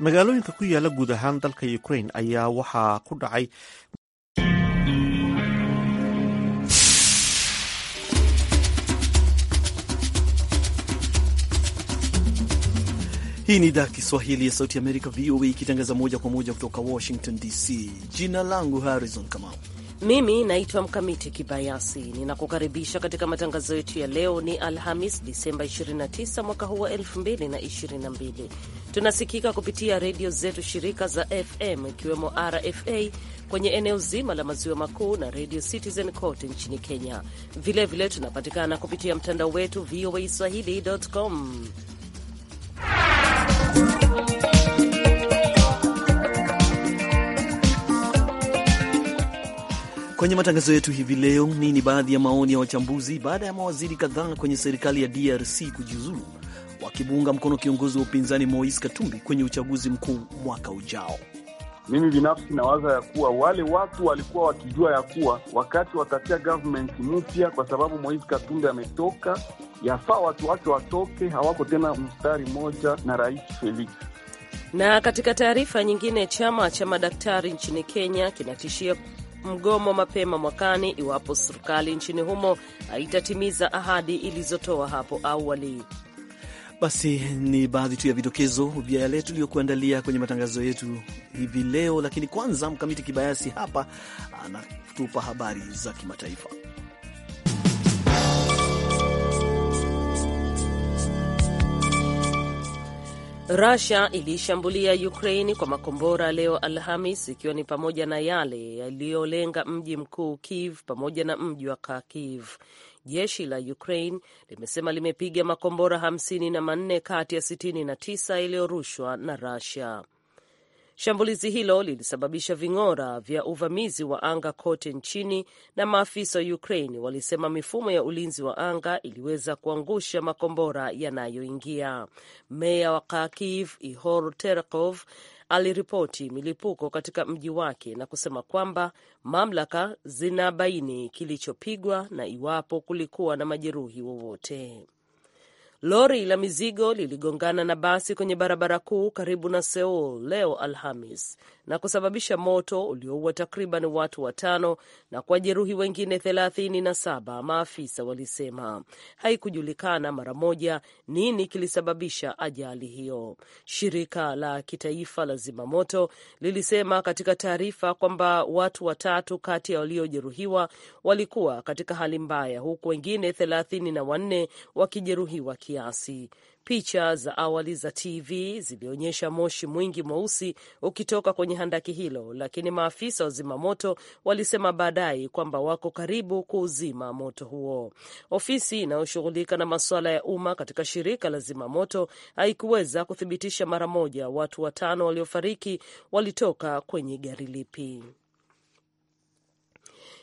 magaalooyinka ku yaala guud ahaan dalka ukrain ayaa waxaa ku dhacay Hii ni idhaa Kiswahili ya Sauti Amerika, VOA, ikitangaza moja kwa moja kutoka Washington DC. Jina langu Harrison Kamau. Mimi naitwa Mkamiti Kibayasi, ninakukaribisha katika matangazo yetu ya leo. Ni Alhamis, Disemba 29 mwaka huu wa 2022. Tunasikika kupitia redio zetu shirika za FM ikiwemo RFA kwenye eneo zima la maziwa makuu na redio Citizen kote nchini Kenya. Vilevile vile tunapatikana kupitia mtandao wetu VOA swahili.com. Kwenye matangazo yetu hivi leo, nini baadhi ya maoni ya wachambuzi baada ya mawaziri kadhaa kwenye serikali ya DRC kujiuzulu wakimuunga mkono kiongozi wa upinzani Moise Katumbi kwenye uchaguzi mkuu mwaka ujao. Mimi binafsi nawaza ya kuwa wale watu walikuwa wakijua ya kuwa wakati watatia government mpya, kwa sababu Moise Katumbi ametoka, yafaa watu wake watoke, hawako tena mstari mmoja na Rais Felix. Na katika taarifa nyingine, chama cha madaktari nchini Kenya kinatishia mgomo mapema mwakani iwapo serikali nchini humo haitatimiza ahadi ilizotoa hapo awali. Basi ni baadhi tu ya vidokezo vya yale tuliyokuandalia kwenye matangazo yetu hivi leo, lakini kwanza Mkamiti Kibayasi hapa anatupa habari za kimataifa. rusia iliishambulia Ukraini kwa makombora leo Alhamis, ikiwa ni pamoja na yale yaliyolenga mji mkuu Kiev pamoja na mji wa Kharkiv. Jeshi la Ukraine limesema limepiga makombora hamsini na manne kati ya sitini na tisa yaliyorushwa na Russia. Shambulizi hilo lilisababisha ving'ora vya uvamizi wa anga kote nchini, na maafisa wa Ukraine walisema mifumo ya ulinzi wa anga iliweza kuangusha makombora yanayoingia. Meya wa Kharkiv Ihor Terekov aliripoti milipuko katika mji wake na kusema kwamba mamlaka zinabaini kilichopigwa na iwapo kulikuwa na majeruhi wowote. Lori la mizigo liligongana na basi kwenye barabara kuu karibu na Seoul leo Alhamis na kusababisha moto ulioua takriban watu watano na jeruhi wengine thelathini na saba, maafisa walisema. Haikujulikana mara moja nini kilisababisha ajali hiyo. Shirika la kitaifa la zimamoto lilisema katika taarifa kwamba watu watatu kati ya waliojeruhiwa walikuwa katika hali mbaya, huku wengine thelathini na wanne wakijeruhiwa kiasi. Picha za awali za TV zilionyesha moshi mwingi mweusi ukitoka kwenye handaki hilo, lakini maafisa wa zimamoto walisema baadaye kwamba wako karibu kuuzima moto huo. Ofisi inayoshughulika na masuala ya umma katika shirika la zimamoto haikuweza kuthibitisha mara moja watu watano waliofariki walitoka kwenye gari lipi.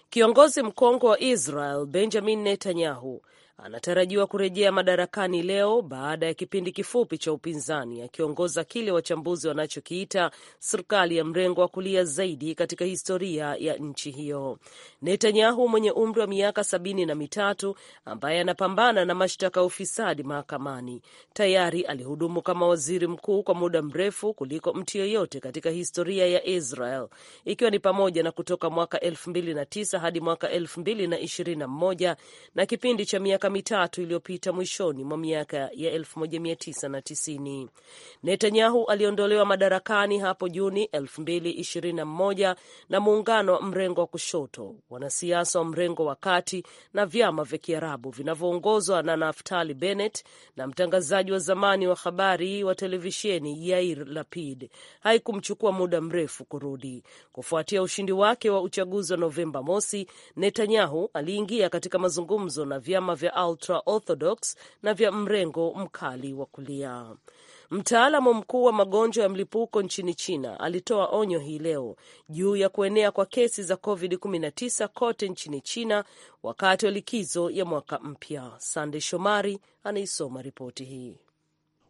Kiongozi mkongwe wa Israel Benjamin Netanyahu anatarajiwa kurejea madarakani leo baada ya kipindi kifupi cha upinzani, akiongoza kile wachambuzi wanachokiita serikali ya mrengo wa kulia zaidi katika historia ya nchi hiyo. Netanyahu mwenye umri wa miaka sabini na mitatu ambaye anapambana na mashtaka ya ufisadi mahakamani tayari alihudumu kama waziri mkuu kwa muda mrefu kuliko mtu yeyote katika historia ya Israel, ikiwa ni pamoja na kutoka mwaka 2009 hadi mwaka 2021 na kipindi cha miaka miaka mitatu iliyopita mwishoni mwa miaka ya 1990. Netanyahu aliondolewa madarakani hapo Juni 2021 na muungano wa mrengo wa kushoto, wanasiasa wa mrengo wa kati na vyama vya Kiarabu vinavyoongozwa na Naftali Bennett na mtangazaji wa zamani wa habari wa televisheni Yair Lapid. Haikumchukua muda mrefu kurudi. Kufuatia ushindi wake wa uchaguzi wa Novemba mosi, Netanyahu aliingia katika mazungumzo na vyama vya vya ultra orthodox na vya mrengo mkali wa kulia. Mtaalamu mkuu wa magonjwa ya mlipuko nchini China alitoa onyo hii leo juu ya kuenea kwa kesi za COVID-19 kote nchini China wakati wa likizo ya mwaka mpya. Sande Shomari anaisoma ripoti hii.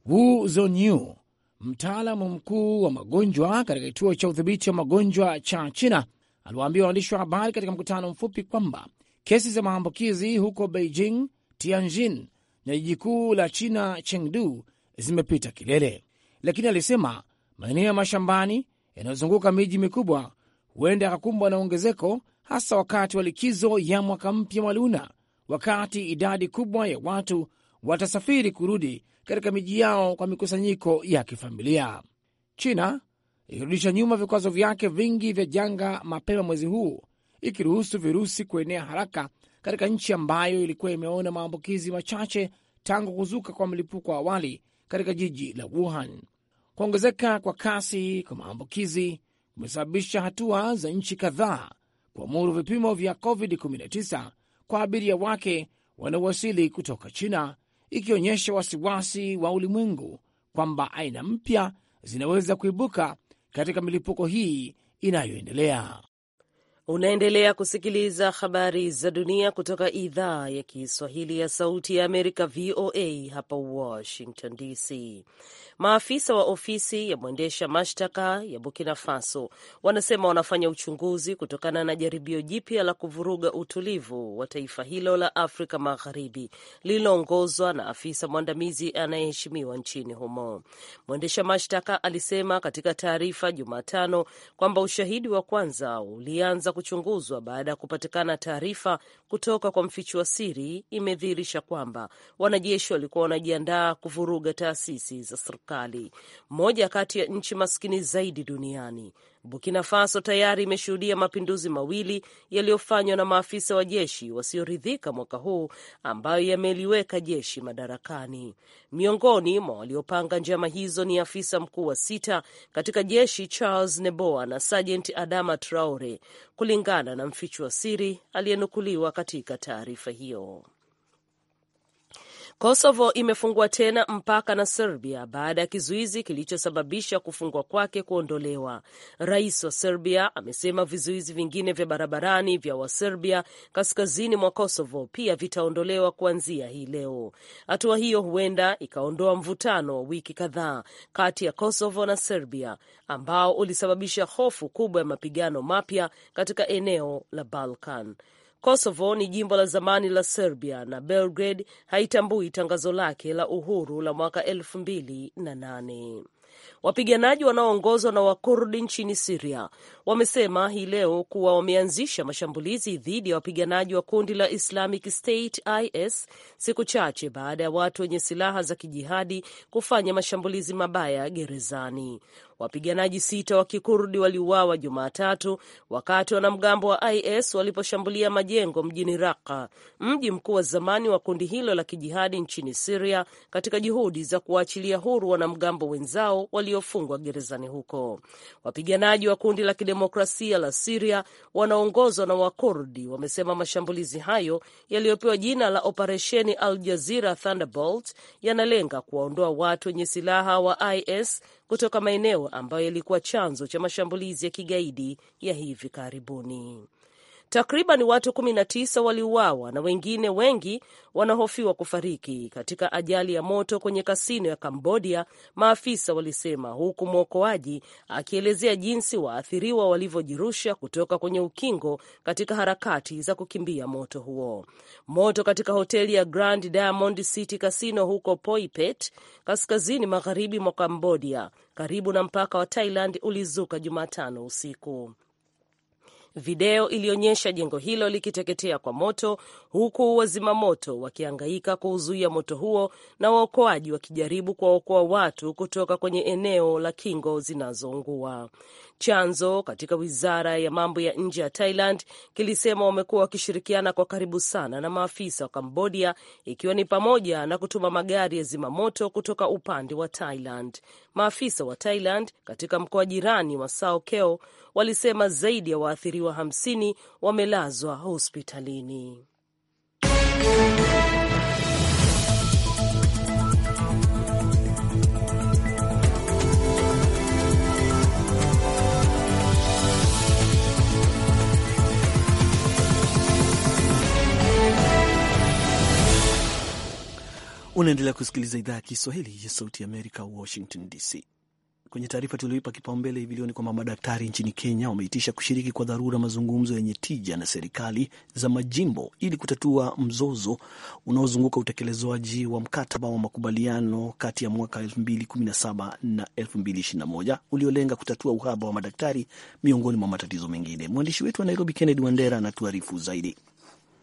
Wu Zonyu, mtaalamu mkuu wa magonjwa katika kituo cha udhibiti wa magonjwa cha China, aliwaambia waandishi wa habari katika mkutano mfupi kwamba kesi za maambukizi huko Beijing Tianjin na jiji kuu la China Chengdu zimepita kilele, lakini alisema maeneo ya mashambani yanayozunguka miji mikubwa huenda yakakumbwa na ongezeko, hasa wakati wa likizo ya mwaka mpya wa Luna, wakati idadi kubwa ya watu watasafiri kurudi katika miji yao kwa mikusanyiko ya kifamilia. China ikirudisha nyuma vikwazo vyake vingi vya janga mapema mwezi huu, ikiruhusu virusi kuenea haraka katika nchi ambayo ilikuwa imeona maambukizi machache tangu kuzuka kwa mlipuko wa awali katika jiji la Wuhan. Kuongezeka kwa kasi kwa maambukizi kumesababisha hatua za nchi kadhaa kuamuru vipimo vya COVID-19 kwa abiria wake wanaowasili kutoka China, ikionyesha wasiwasi wa ulimwengu kwamba aina mpya zinaweza kuibuka katika milipuko hii inayoendelea. Unaendelea kusikiliza habari za dunia kutoka idhaa ya Kiswahili ya Sauti ya Amerika, VOA hapa Washington DC. Maafisa wa ofisi ya mwendesha mashtaka ya Burkina Faso wanasema wanafanya uchunguzi kutokana na jaribio jipya la kuvuruga utulivu wa taifa hilo la Afrika Magharibi lililoongozwa na afisa mwandamizi anayeheshimiwa nchini humo. Mwendesha mashtaka alisema katika taarifa Jumatano kwamba ushahidi wa kwanza ulianza kuchunguzwa baada ya kupatikana taarifa kutoka kwa mfichua siri imedhihirisha kwamba wanajeshi walikuwa wanajiandaa kuvuruga taasisi za serikali, moja kati ya nchi maskini zaidi duniani. Burkina Faso tayari imeshuhudia mapinduzi mawili yaliyofanywa na maafisa wa jeshi wasioridhika mwaka huu ambayo yameliweka jeshi madarakani. Miongoni mwa waliopanga njama hizo ni afisa mkuu wa sita katika jeshi Charles Neboa na Sajenti Adama Traore, kulingana na wa siri aliyenukuliwa katika taarifa hiyo. Kosovo imefungua tena mpaka na Serbia baada ya kizuizi kilichosababisha kufungwa kwake kuondolewa. Rais wa Serbia amesema vizuizi vingine vya barabarani vya Waserbia kaskazini mwa Kosovo pia vitaondolewa kuanzia hii leo. Hatua hiyo huenda ikaondoa mvutano wa wiki kadhaa kati ya Kosovo na Serbia ambao ulisababisha hofu kubwa ya mapigano mapya katika eneo la Balkan. Kosovo ni jimbo la zamani la Serbia na Belgrade haitambui tangazo lake la uhuru la mwaka elfu mbili na nane. Wapiganaji wanaoongozwa na Wakurdi nchini Siria wamesema hii leo kuwa wameanzisha mashambulizi dhidi ya wapiganaji wa kundi la Islamic State IS siku chache baada ya watu wenye silaha za kijihadi kufanya mashambulizi mabaya gerezani. Wapiganaji sita wa Kikurdi waliuawa Jumatatu wakati wanamgambo wa IS waliposhambulia majengo mjini Raqqa, mji mkuu wa zamani wa kundi hilo la kijihadi nchini Siria, katika juhudi za kuwaachilia huru wanamgambo wenzao walio waliofungwa gerezani huko. Wapiganaji wa kundi la kidemokrasia la Siria wanaongozwa na Wakurdi wamesema mashambulizi hayo yaliyopewa jina la Operesheni Al Jazira Thunderbolt yanalenga kuwaondoa watu wenye silaha wa IS kutoka maeneo ambayo yalikuwa chanzo cha mashambulizi ya kigaidi ya hivi karibuni. Takriban watu 19 waliuawa na wengine wengi wanahofiwa kufariki katika ajali ya moto kwenye kasino ya Kambodia, maafisa walisema, huku mwokoaji akielezea jinsi waathiriwa walivyojirusha kutoka kwenye ukingo katika harakati za kukimbia moto huo. Moto katika hoteli ya Grand Diamond City Casino huko Poipet, kaskazini magharibi mwa Kambodia, karibu na mpaka wa Thailand, ulizuka Jumatano usiku. Video ilionyesha jengo hilo likiteketea kwa moto, huku wazimamoto wakiangaika kuuzuia moto huo na waokoaji wakijaribu kuwaokoa watu kutoka kwenye eneo la kingo zinazoungua. Chanzo katika wizara ya mambo ya nje ya Thailand kilisema wamekuwa wakishirikiana kwa karibu sana na maafisa wa Kambodia, ikiwa ni pamoja na kutuma magari ya zimamoto kutoka upande wa Thailand. Maafisa wa Thailand katika mkoa jirani wa Sao Keo walisema zaidi ya waathiriwa hamsini wamelazwa hospitalini. Unaendelea kusikiliza idhaa ya Kiswahili ya Sauti ya Amerika, Washington DC. Kwenye taarifa tulioipa kipaumbele hivi leo ni kwamba madaktari nchini Kenya wameitisha kushiriki kwa dharura mazungumzo yenye tija na serikali za majimbo ili kutatua mzozo unaozunguka utekelezwaji wa mkataba wa makubaliano kati ya mwaka 2017 na 2021 uliolenga kutatua uhaba wa madaktari miongoni mwa matatizo mengine. Mwandishi wetu wa Nairobi, Kennedy Wandera, anatuarifu zaidi.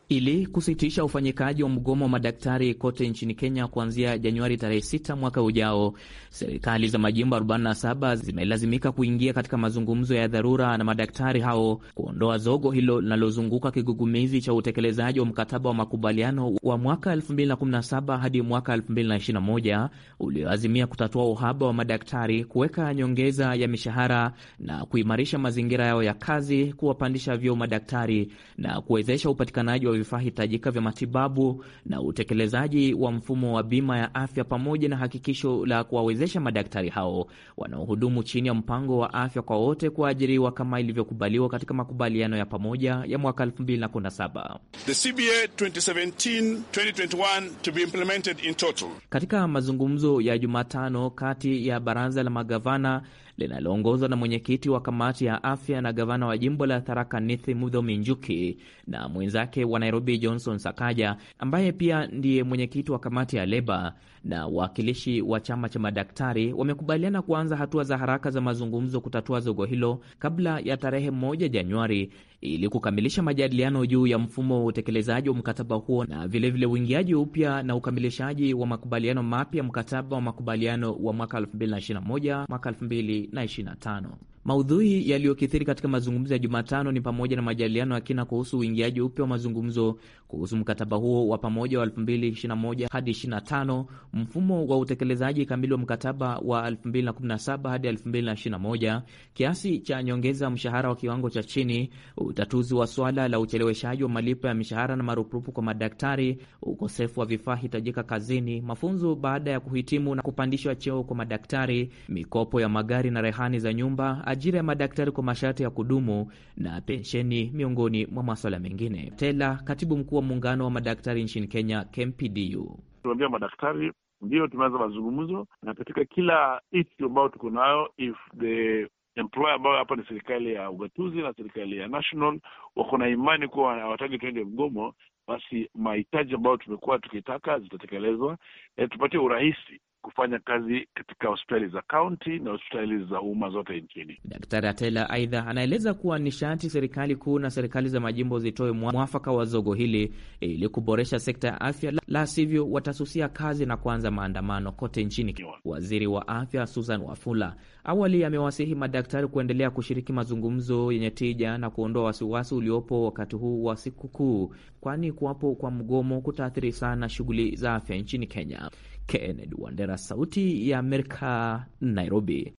Ili kusitisha ufanyikaji wa mgomo wa madaktari kote nchini Kenya kuanzia Januari tarehe 6 mwaka ujao, serikali za majimbo 47 zimelazimika kuingia katika mazungumzo ya dharura na madaktari hao kuondoa zogo hilo linalozunguka kigugumizi cha utekelezaji wa mkataba wa makubaliano wa mwaka 2017 hadi mwaka 2021 ulioazimia kutatua uhaba wa madaktari, kuweka nyongeza ya mishahara na kuimarisha mazingira yao ya kazi, kuwapandisha vyeo madaktari na kuwezesha upatikanaji wa vifaa hitajika vya matibabu na utekelezaji wa mfumo wa bima ya afya pamoja na hakikisho la kuwawezesha madaktari hao wanaohudumu chini ya mpango wa afya kwa wote kuajiriwa kama ilivyokubaliwa katika makubaliano ya pamoja ya mwaka 2017. The CBA 2017-2021 to be implemented in total. Katika mazungumzo ya Jumatano kati ya baraza la magavana linaloongozwa na mwenyekiti wa kamati ya afya na gavana wa jimbo la Tharaka Nithi Mudhomi Njuki na mwenzake wa Nairobi Johnson Sakaja ambaye pia ndiye mwenyekiti wa kamati ya leba na wawakilishi wa chama cha madaktari wamekubaliana kuanza hatua za haraka za mazungumzo kutatua zogo hilo kabla ya tarehe moja Januari ili kukamilisha majadiliano juu ya mfumo wa utekelezaji wa mkataba huo na vilevile uingiaji upya na ukamilishaji wa makubaliano mapya mkataba wa makubaliano wa mwaka 2021 mwaka 2025. Maudhui yaliyokithiri katika mazungumzo ya Jumatano ni pamoja na majadiliano ya kina kuhusu uingiaji upya wa mazungumzo kuhusu mkataba huo wa pamoja wa 2021 hadi 25, mfumo wa utekelezaji kamili wa mkataba wa 2017 hadi 2021, kiasi cha nyongeza mshahara wa kiwango cha chini, utatuzi wa swala la ucheleweshaji wa malipo ya mishahara na marupurupu kwa madaktari, ukosefu wa vifaa hitajika kazini, mafunzo baada ya kuhitimu na kupandishwa cheo kwa madaktari, mikopo ya magari na rehani za nyumba ajira ya madaktari kwa masharti ya kudumu na pensheni, miongoni mwa maswala mengine. Tela, katibu mkuu wa muungano wa madaktari nchini Kenya, KMPDU: tuambia madaktari ndio tumeanza mazungumzo na katika kila ishu ambayo tuko nayo if the employer ambayo hapa ni serikali ya ugatuzi na serikali ya national wako na imani kuwa hawataki tuende mgomo, basi mahitaji ambayo tumekuwa tukitaka zitatekelezwa, e, tupatie urahisi kufanya kazi katika hospitali za kaunti na hospitali za umma zote nchini. Daktari Atela aidha anaeleza kuwa nishati serikali kuu na serikali za majimbo zitoe mwafaka wa zogo hili ili kuboresha sekta ya afya, la sivyo watasusia kazi na kuanza maandamano kote nchini. Waziri wa afya Susan Wafula awali amewasihi madaktari kuendelea kushiriki mazungumzo yenye tija na kuondoa wasiwasi uliopo wakati huu wa sikukuu, kwani kuwapo kwa mgomo kutaathiri sana shughuli za afya nchini Kenya. Kennedy Wandera, Sauti ya Amerika, Nairobi.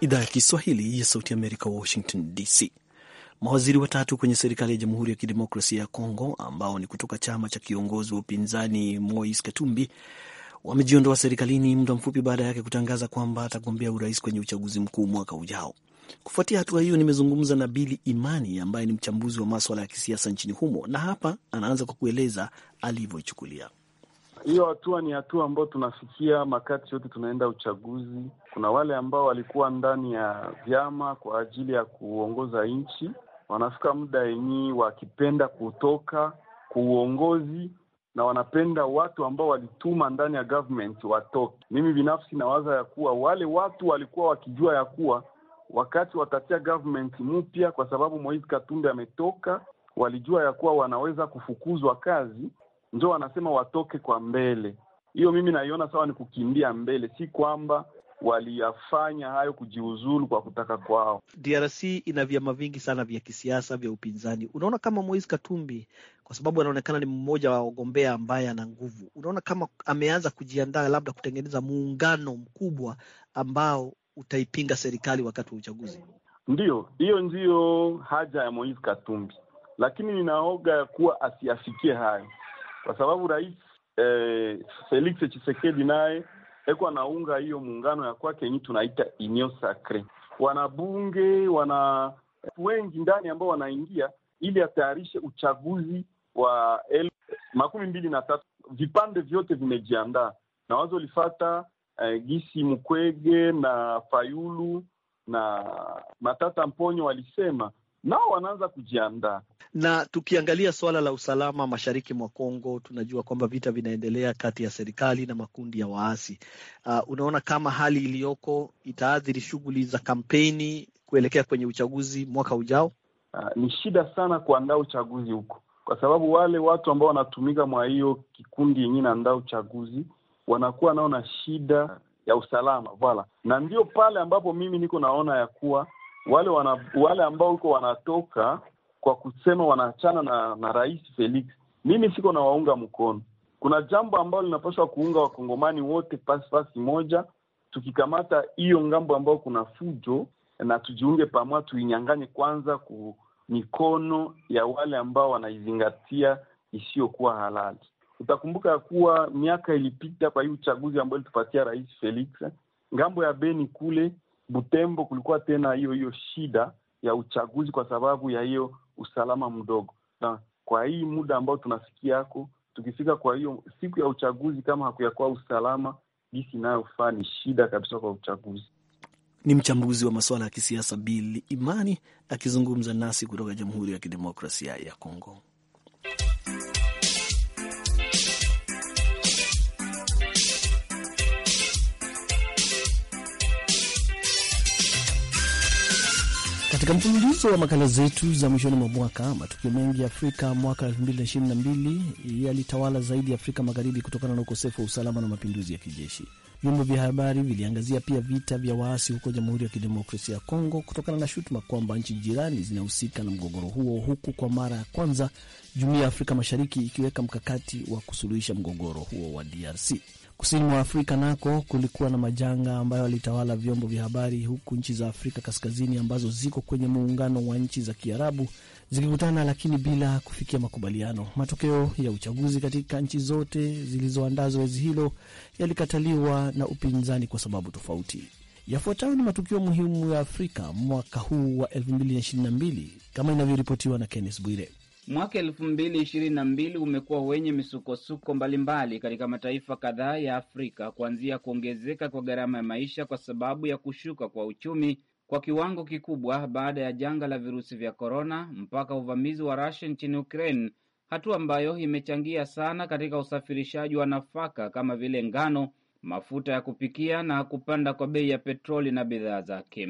Idhaa ya Kiswahili ya Sauti ya Amerika, Washington DC. Mawaziri watatu kwenye serikali ya Jamhuri ya Kidemokrasia ya Kongo ambao ni kutoka chama cha kiongozi wa upinzani mois Katumbi wamejiondoa serikalini muda mfupi baada yake kutangaza kwamba atagombea urais kwenye uchaguzi mkuu mwaka ujao. Kufuatia hatua hiyo, nimezungumza na Bili Imani ambaye ni mchambuzi wa maswala ya kisiasa nchini humo, na hapa anaanza kwa kueleza alivyoichukulia hiyo hatua. Ni hatua ambayo tunafikia makati yote tunaenda uchaguzi. Kuna wale ambao walikuwa ndani ya vyama kwa ajili ya kuongoza nchi, wanafika muda yenyewe wakipenda kutoka kuuongozi na wanapenda watu ambao walituma ndani ya government watoke. Mimi binafsi nawaza ya kuwa wale watu walikuwa wakijua ya kuwa wakati watatia government mpya, kwa sababu Moise Katumbi ametoka, walijua ya kuwa wanaweza kufukuzwa kazi, ndio wanasema watoke kwa mbele. Hiyo mimi naiona sawa, ni kukimbia mbele, si kwamba waliyafanya hayo kujiuzulu kwa kutaka kwao. DRC ina vyama vingi sana vya kisiasa vya upinzani. Unaona kama Moise Katumbi, kwa sababu anaonekana ni mmoja wa wagombea ambaye ana nguvu, unaona kama ameanza kujiandaa labda kutengeneza muungano mkubwa ambao utaipinga serikali wakati wa uchaguzi? Ndiyo, hiyo ndiyo haja ya Moise Katumbi, lakini ninaoga ya kuwa asiafikie hayo, kwa sababu rais eh, Felix Tshisekedi naye eko anaunga hiyo muungano ya kwake yenye tunaita Union Sacre. Wanabunge wana wengi ndani ambao wanaingia ili atayarishe uchaguzi wa el makumi mbili na tatu. Vipande vyote vimejiandaa na wazo lifata eh, Gisi mkwege na Fayulu na Matata Mponyo walisema nao wanaanza kujiandaa. Na tukiangalia suala la usalama mashariki mwa Kongo, tunajua kwamba vita vinaendelea kati ya serikali na makundi ya waasi. Uh, unaona kama hali iliyoko itaathiri shughuli za kampeni kuelekea kwenye uchaguzi mwaka ujao? Uh, ni shida sana kuandaa uchaguzi huko, kwa sababu wale watu ambao wanatumika mwa hiyo kikundi yenyewe naandaa uchaguzi wanakuwa nao na shida ah. ya usalama vala, na ndio pale ambapo mimi niko naona ya kuwa wale wana, wale ambao huko wanatoka kwa kusema wanaachana na, na Rais Felix, mimi siko na waunga mkono. Kuna jambo ambalo linapaswa kuunga wakongomani wote pasi pasi moja, tukikamata hiyo ngambo ambao kuna fujo na tujiunge pamoja, tuinyanganye kwanza ku mikono ya wale ambao wanaizingatia isiyokuwa halali. Utakumbuka ya kuwa miaka ilipita kwa hii uchaguzi ambayo ilitupatia Rais Felix, ngambo ya Beni kule Butembo kulikuwa tena hiyo hiyo shida ya uchaguzi kwa sababu ya hiyo usalama mdogo, na kwa hii muda ambao hako tukifika kwa hiyo siku ya uchaguzi, kama hakuyakuwa usalama jisi inayofaa, ni shida kabisa kwa uchaguzi. Ni mchambuzi wa masuala ya kisiasa Bili Imani akizungumza nasi kutoka Jamhuri ya Kidemokrasia ya Kongo. Katika mfululizo wa makala zetu za mwishoni mwa mwaka, matukio mengi ya Afrika mwaka 2022 yalitawala zaidi Afrika Magharibi kutokana na ukosefu wa usalama na mapinduzi ya kijeshi. Vyombo vya habari viliangazia pia vita vya waasi huko Jamhuri ya Kidemokrasia ya Kongo kutokana na shutuma kwamba nchi jirani zinahusika na mgogoro huo, huku kwa mara ya kwanza jumuiya ya Afrika Mashariki ikiweka mkakati wa kusuluhisha mgogoro huo wa DRC. Kusini mwa Afrika nako kulikuwa na majanga ambayo alitawala vyombo vya habari, huku nchi za Afrika kaskazini ambazo ziko kwenye muungano wa nchi za Kiarabu zikikutana lakini bila kufikia makubaliano. Matokeo ya uchaguzi katika nchi zote zilizoandaa zoezi hilo yalikataliwa na upinzani kwa sababu tofauti. Yafuatayo ni matukio muhimu ya Afrika mwaka huu wa 2022 kama inavyoripotiwa na Kenneth Bwire. Mwaka elfu mbili ishirini na mbili umekuwa wenye misukosuko mbalimbali katika mataifa kadhaa ya Afrika, kuanzia kuongezeka kwa gharama ya maisha kwa sababu ya kushuka kwa uchumi kwa kiwango kikubwa baada ya janga la virusi vya korona, mpaka uvamizi wa Russia nchini Ukraine, hatua ambayo imechangia sana katika usafirishaji wa nafaka kama vile ngano, mafuta ya kupikia na kupanda kwa bei ya petroli na bidhaa zake.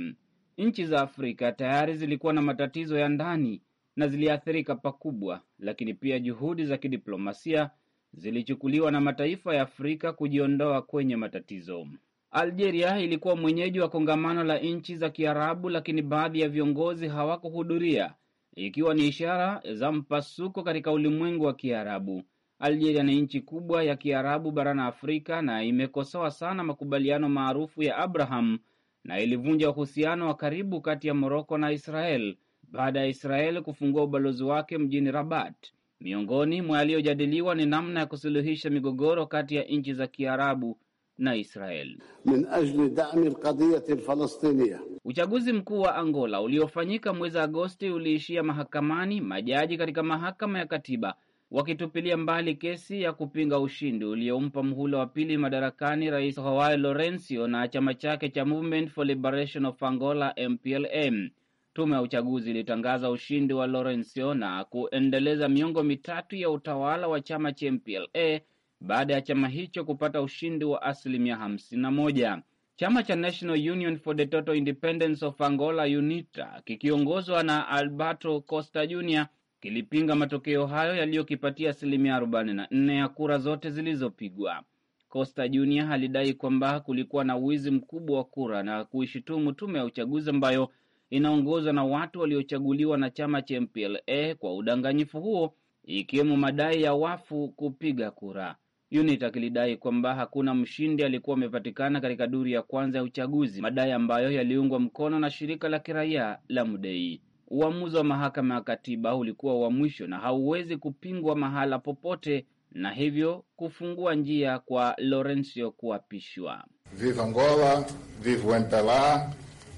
Nchi za Afrika tayari zilikuwa na matatizo ya ndani na ziliathirika pakubwa, lakini pia juhudi za kidiplomasia zilichukuliwa na mataifa ya Afrika kujiondoa kwenye matatizo. Algeria ilikuwa mwenyeji wa kongamano la nchi za Kiarabu, lakini baadhi ya viongozi hawakuhudhuria ikiwa ni ishara za mpasuko katika ulimwengu wa Kiarabu. Algeria ni nchi kubwa ya Kiarabu barani Afrika na imekosoa sana makubaliano maarufu ya Abraham na ilivunja uhusiano wa karibu kati ya Moroko na Israel baada ya Israel kufungua ubalozi wake mjini Rabat. Miongoni mwa yaliyojadiliwa ni namna ya kusuluhisha migogoro kati ya nchi za Kiarabu na Israel. Min ajli dami alqadiyati alfalastiniya. Uchaguzi mkuu wa Angola uliofanyika mwezi Agosti uliishia mahakamani, majaji katika mahakama ya katiba wakitupilia mbali kesi ya kupinga ushindi uliompa mhula wa pili madarakani Rais Joao Lourenco na chama chake cha Movement for Liberation of Angola MPLM. Tume ya uchaguzi ilitangaza ushindi wa Lorencio na kuendeleza miongo mitatu ya utawala wa chama cha MPLA baada ya chama hicho kupata ushindi wa asilimia 51. Chama cha National Union for the Total Independence of Angola, UNITA, kikiongozwa na Alberto Costa Jr kilipinga matokeo hayo yaliyokipatia asilimia 44 ya kura zote zilizopigwa. Costa Jr alidai kwamba kulikuwa na wizi mkubwa wa kura na kuishitumu tume ya uchaguzi ambayo inaongozwa na watu waliochaguliwa na chama cha MPLA kwa udanganyifu huo, ikiwemo madai ya wafu kupiga kura. unit akilidai kwamba hakuna mshindi alikuwa amepatikana katika duru ya kwanza ya uchaguzi, madai ambayo yaliungwa mkono na shirika la kiraia la Mudei. Uamuzi wa mahakama ya katiba ulikuwa wa mwisho na hauwezi kupingwa mahala popote, na hivyo kufungua njia kwa Lorencio kuapishwa. Viva Angola, viva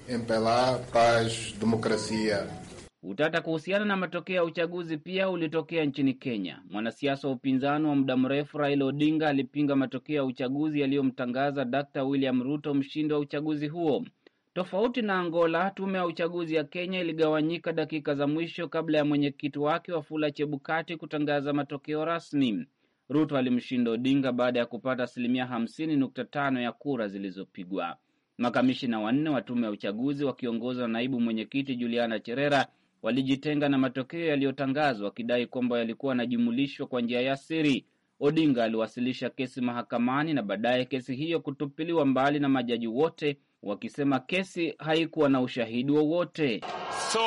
MPLA, PAJ, demokrasia. Utata kuhusiana na matokeo ya uchaguzi pia ulitokea nchini Kenya. Mwanasiasa wa upinzani wa muda mrefu Raila Odinga alipinga matokeo ya uchaguzi yaliyomtangaza Dr William Ruto mshindi wa uchaguzi huo. Tofauti na Angola, tume ya uchaguzi ya Kenya iligawanyika dakika za mwisho kabla ya mwenyekiti wake Wafula Chebukati kutangaza matokeo rasmi. Ruto alimshinda Odinga baada ya kupata asilimia 50.5 ya kura zilizopigwa. Makamishina wanne wa tume ya uchaguzi wakiongozwa na naibu mwenyekiti Juliana Cherera walijitenga na matokeo yaliyotangazwa wakidai kwamba yalikuwa yanajumulishwa kwa njia ya siri. Odinga aliwasilisha kesi mahakamani na baadaye kesi hiyo kutupiliwa mbali na majaji wote wakisema kesi haikuwa na ushahidi wowote so,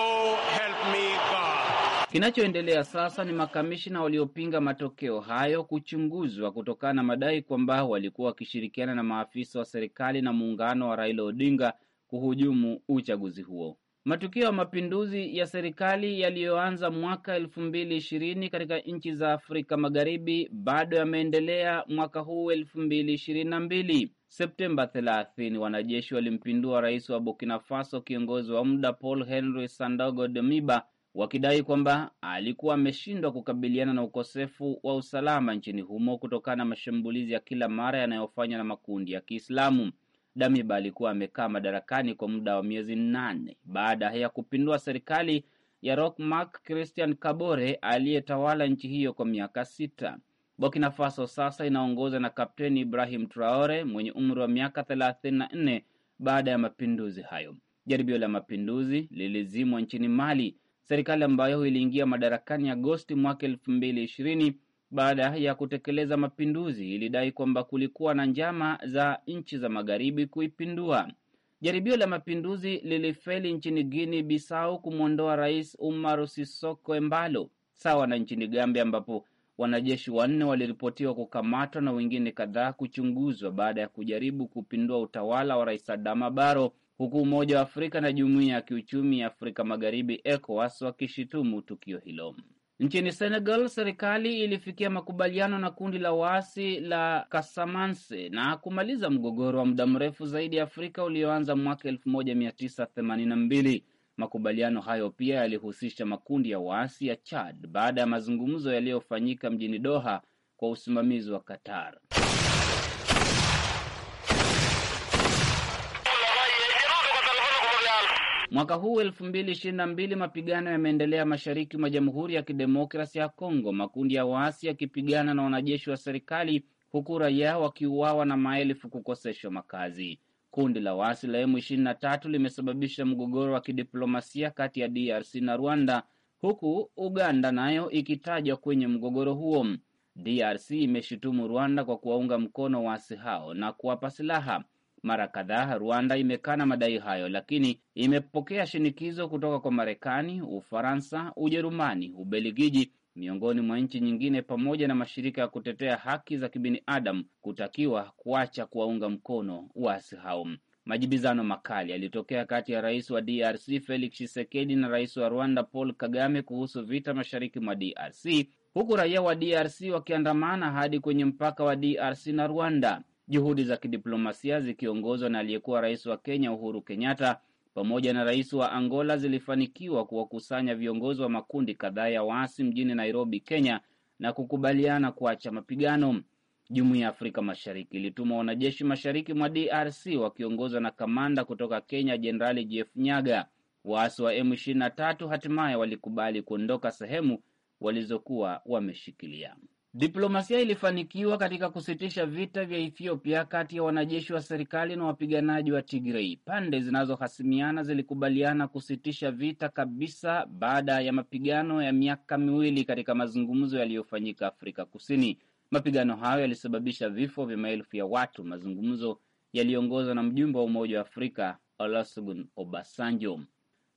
Kinachoendelea sasa ni makamishina waliopinga matokeo hayo kuchunguzwa kutokana na madai kwamba walikuwa wakishirikiana na maafisa wa serikali na muungano wa Raila Odinga kuhujumu uchaguzi huo. Matukio ya mapinduzi ya serikali yaliyoanza mwaka elfu mbili ishirini katika nchi za Afrika Magharibi bado yameendelea mwaka huu elfu mbili ishirini na mbili. Septemba 30 wanajeshi walimpindua rais wa Burkina Faso, kiongozi wa muda Paul Henry Sandaogo Damiba wakidai kwamba alikuwa ameshindwa kukabiliana na ukosefu wa usalama nchini humo kutokana na mashambulizi ya kila mara yanayofanywa na makundi ya Kiislamu. Damiba alikuwa amekaa madarakani kwa muda wa miezi nane baada ya kupindua serikali ya Roch Marc Christian Kabore aliyetawala nchi hiyo kwa miaka sita. Burkina Faso sasa inaongoza na Kapteni Ibrahim Traore mwenye umri wa miaka 34 baada ya mapinduzi hayo. Jaribio la mapinduzi lilizimwa nchini Mali serikali ambayo iliingia madarakani Agosti mwaka elfu mbili ishirini baada ya kutekeleza mapinduzi ilidai kwamba kulikuwa na njama za nchi za magharibi kuipindua. Jaribio la mapinduzi lilifeli nchini Guinea Bissau kumwondoa rais Umaru Sisoko Embalo, sawa na nchini Gambia ambapo wanajeshi wanne waliripotiwa kukamatwa na wengine kadhaa kuchunguzwa baada ya kujaribu kupindua utawala wa rais Adama Barrow huku Umoja wa Afrika na Jumuiya ya Kiuchumi ya Afrika Magharibi ECOWAS wakishitumu tukio hilo. Nchini Senegal, serikali ilifikia makubaliano na kundi la waasi la Kasamanse na kumaliza mgogoro wa muda mrefu zaidi ya Afrika ulioanza mwaka 1982. Makubaliano hayo pia yalihusisha makundi ya waasi ya Chad baada ya mazungumzo yaliyofanyika mjini Doha kwa usimamizi wa Qatar. Mwaka huu elfu mbili na mbili mapigano yameendelea mashariki mwa Jamhuri ya Kidemokrasi ya Kongo, makundi ya waasi yakipigana na wanajeshi wa serikali, huku raia wakiuawa na maelfu kukoseshwa makazi. Kundi la waasi la emu ishiri na tatu limesababisha mgogoro wa kidiplomasia kati ya DRC na Rwanda, huku Uganda nayo ikitajwa kwenye mgogoro huo. DRC imeshutumu Rwanda kwa kuwaunga mkono waasi hao na kuwapa silaha. Mara kadhaa Rwanda imekana madai hayo, lakini imepokea shinikizo kutoka kwa Marekani, Ufaransa, Ujerumani, Ubelgiji, miongoni mwa nchi nyingine, pamoja na mashirika ya kutetea haki za kibinadamu kutakiwa kuacha kuwaunga mkono waasi hao. Majibizano makali yalitokea kati ya rais wa DRC Felix Tshisekedi na rais wa Rwanda Paul Kagame kuhusu vita mashariki mwa DRC, huku raia wa DRC wakiandamana hadi kwenye mpaka wa DRC na Rwanda juhudi za kidiplomasia zikiongozwa na aliyekuwa rais wa Kenya Uhuru Kenyatta pamoja na rais wa Angola zilifanikiwa kuwakusanya viongozi wa makundi kadhaa ya waasi mjini Nairobi, Kenya, na kukubaliana kuacha mapigano. Jumuiya ya Afrika Mashariki ilituma wanajeshi mashariki mwa DRC wakiongozwa na kamanda kutoka Kenya, Jenerali Jeff Nyaga. Waasi wa M23 hatimaye walikubali kuondoka sehemu walizokuwa wameshikilia. Diplomasia ilifanikiwa katika kusitisha vita vya Ethiopia kati ya wanajeshi wa serikali na wapiganaji wa Tigrei. Pande zinazohasimiana zilikubaliana kusitisha vita kabisa baada ya mapigano ya miaka miwili katika mazungumzo yaliyofanyika Afrika Kusini. Mapigano hayo yalisababisha vifo vya maelfu ya watu. Mazungumzo yaliyoongozwa na mjumbe wa Umoja wa Afrika Olusegun Obasanjo.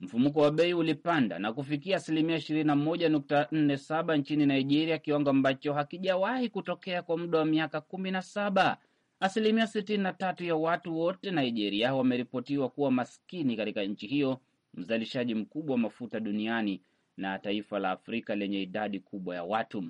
Mfumuko wa bei ulipanda na kufikia asilimia 21.47 nchini Nigeria, kiwango ambacho hakijawahi kutokea kwa muda wa miaka 17. Asilimia 63 ya watu wote Nigeria wameripotiwa kuwa maskini katika nchi hiyo, mzalishaji mkubwa wa mafuta duniani na taifa la Afrika lenye idadi kubwa ya watu.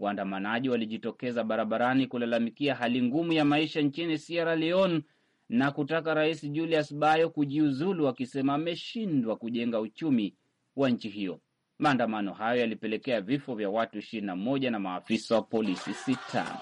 Waandamanaji walijitokeza barabarani kulalamikia hali ngumu ya maisha nchini Sierra Leone na kutaka Rais Julius Bayo kujiuzulu, akisema ameshindwa kujenga uchumi wa nchi hiyo. Maandamano hayo yalipelekea vifo vya watu 21 na na maafisa wa polisi sita.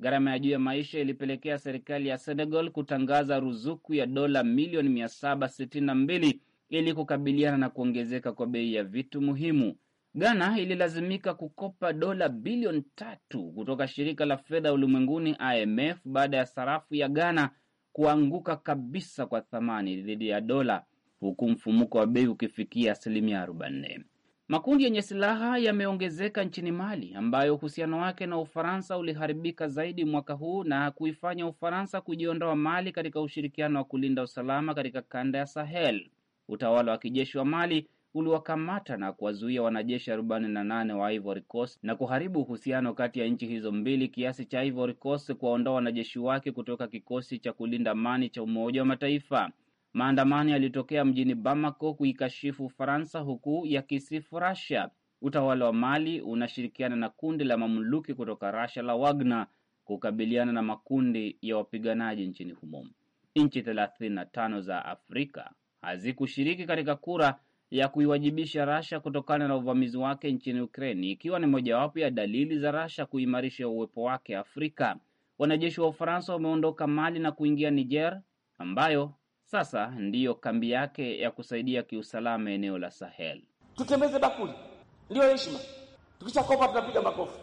Gharama ya juu ya maisha ilipelekea serikali ya Senegal kutangaza ruzuku ya dola milioni 762 ili kukabiliana na kuongezeka kwa bei ya vitu muhimu. Ghana ililazimika kukopa dola bilioni tatu kutoka shirika la fedha ulimwenguni IMF baada ya sarafu ya Ghana kuanguka kabisa kwa thamani dhidi ya dola, huku mfumuko wa bei ukifikia asilimia 4 Makundi yenye silaha yameongezeka nchini Mali, ambayo uhusiano wake na Ufaransa uliharibika zaidi mwaka huu na kuifanya Ufaransa kujiondoa Mali katika ushirikiano wa kulinda usalama katika kanda ya Sahel. Utawala wa kijeshi wa Mali uliwakamata na kuwazuia wanajeshi 48 wa Ivory Coast na kuharibu uhusiano kati ya nchi hizo mbili kiasi cha Ivory Coast kuwaondoa wanajeshi wake kutoka kikosi cha kulinda amani cha Umoja wa Mataifa. Maandamano yalitokea mjini Bamako kuikashifu Ufaransa huku yakisifu Russia. Utawala wa Mali unashirikiana na kundi la mamluki kutoka Russia la Wagner kukabiliana na makundi ya wapiganaji nchini humo. Nchi 35 za Afrika hazikushiriki katika kura ya kuiwajibisha Rasha kutokana na uvamizi wake nchini Ukraini, ikiwa ni mojawapo ya dalili za Rasha kuimarisha uwepo wake Afrika. Wanajeshi wa Ufaransa wameondoka Mali na kuingia Niger, ambayo sasa ndiyo kambi yake ya kusaidia kiusalama eneo la Sahel. Tutembeze bakuli, ndiyo heshima. Tukishakopa tunapiga makofi.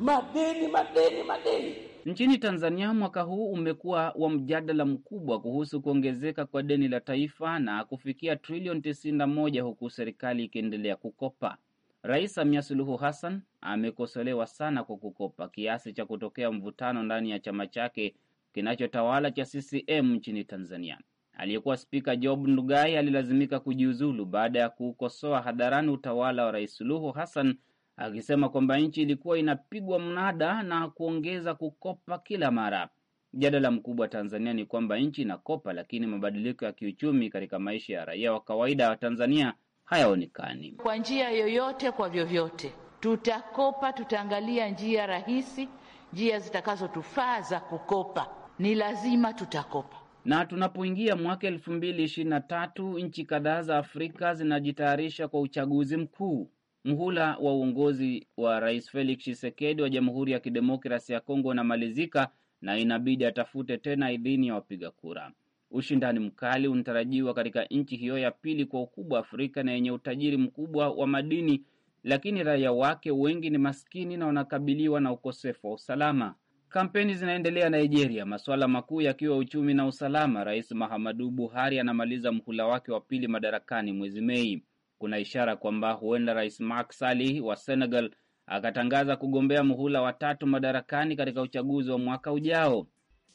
Madeni, madeni, madeni Nchini Tanzania mwaka huu umekuwa wa mjadala mkubwa kuhusu kuongezeka kwa deni la taifa na kufikia trilioni 91 huku serikali ikiendelea kukopa. Rais Samia Suluhu Hassan amekosolewa sana kwa kukopa kiasi cha kutokea mvutano ndani ya chama chake kinachotawala cha CCM nchini Tanzania. Aliyekuwa spika Job Ndugai alilazimika kujiuzulu baada ya kuukosoa hadharani utawala wa Rais Suluhu Hassan akisema kwamba nchi ilikuwa inapigwa mnada na kuongeza kukopa kila mara. Mjadala mkubwa Tanzania ni kwamba nchi inakopa, lakini mabadiliko ya kiuchumi katika maisha ya raia wa kawaida wa Tanzania hayaonekani kwa njia yoyote. Kwa vyovyote tutakopa, tutaangalia njia rahisi, njia zitakazotufaa za kukopa. Ni lazima tutakopa. Na tunapoingia mwaka elfu mbili ishirini na tatu, nchi kadhaa za Afrika zinajitayarisha kwa uchaguzi mkuu. Mhula wa uongozi wa Rais Felix Tshisekedi wa Jamhuri ya Kidemokrasi ya Kongo unamalizika na inabidi atafute tena idhini ya wapiga kura. Ushindani mkali unatarajiwa katika nchi hiyo ya pili kwa ukubwa Afrika na yenye utajiri mkubwa wa madini, lakini raia wake wengi ni maskini na wanakabiliwa na ukosefu wa usalama. Kampeni zinaendelea Nigeria, masuala makuu yakiwa uchumi na usalama. Rais Mahamadu Buhari anamaliza mhula wake wa pili madarakani mwezi Mei kuna ishara kwamba huenda Rais Macky Sall wa Senegal akatangaza kugombea muhula wa tatu madarakani katika uchaguzi wa mwaka ujao.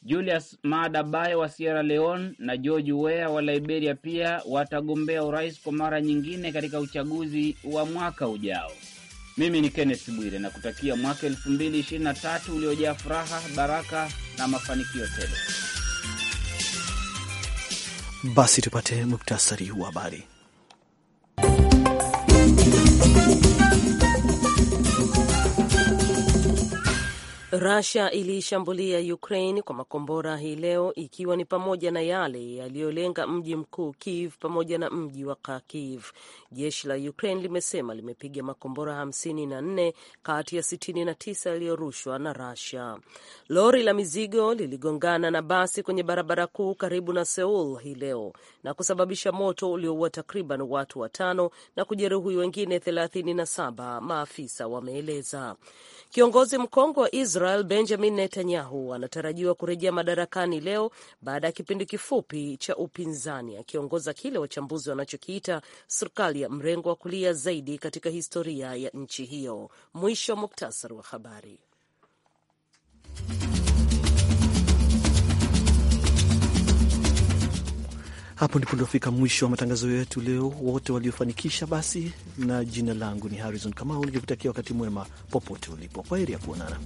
Julius Maada Bio wa Sierra Leone na George Weah wa Liberia pia watagombea urais kwa mara nyingine katika uchaguzi wa mwaka ujao. Mimi ni Kenneth Bwire na kutakia mwaka 2023 uliojaa furaha, baraka na mafanikio tele. Basi tupate muktasari wa habari. rusia iliishambulia Ukraine kwa makombora hii leo ikiwa ni pamoja na yale yaliyolenga mji mkuu Kiev pamoja na mji wa Kharkiv. Jeshi la Ukraine limesema limepiga makombora 54 kati ya 69 yaliyorushwa na rasia Lori la mizigo liligongana na basi kwenye barabara kuu karibu na seul hii leo na kusababisha moto ulioua takriban watu watano na kujeruhi wengine 37, maafisa wameeleza. Kiongozi mkongwe wa Israel Benjamin Netanyahu anatarajiwa kurejea madarakani leo baada ya kipindi kifupi cha upinzani, akiongoza kile wachambuzi wanachokiita serikali ya mrengo wa kulia zaidi katika historia ya nchi hiyo. Mwisho wa muktasari wa habari. Hapo ndipo ndofika mwisho wa matangazo yetu leo, wote waliofanikisha. Basi na jina langu ni Harrison Kamau nikikutakia wakati mwema popote ulipo. Kwa heri ya kuonana.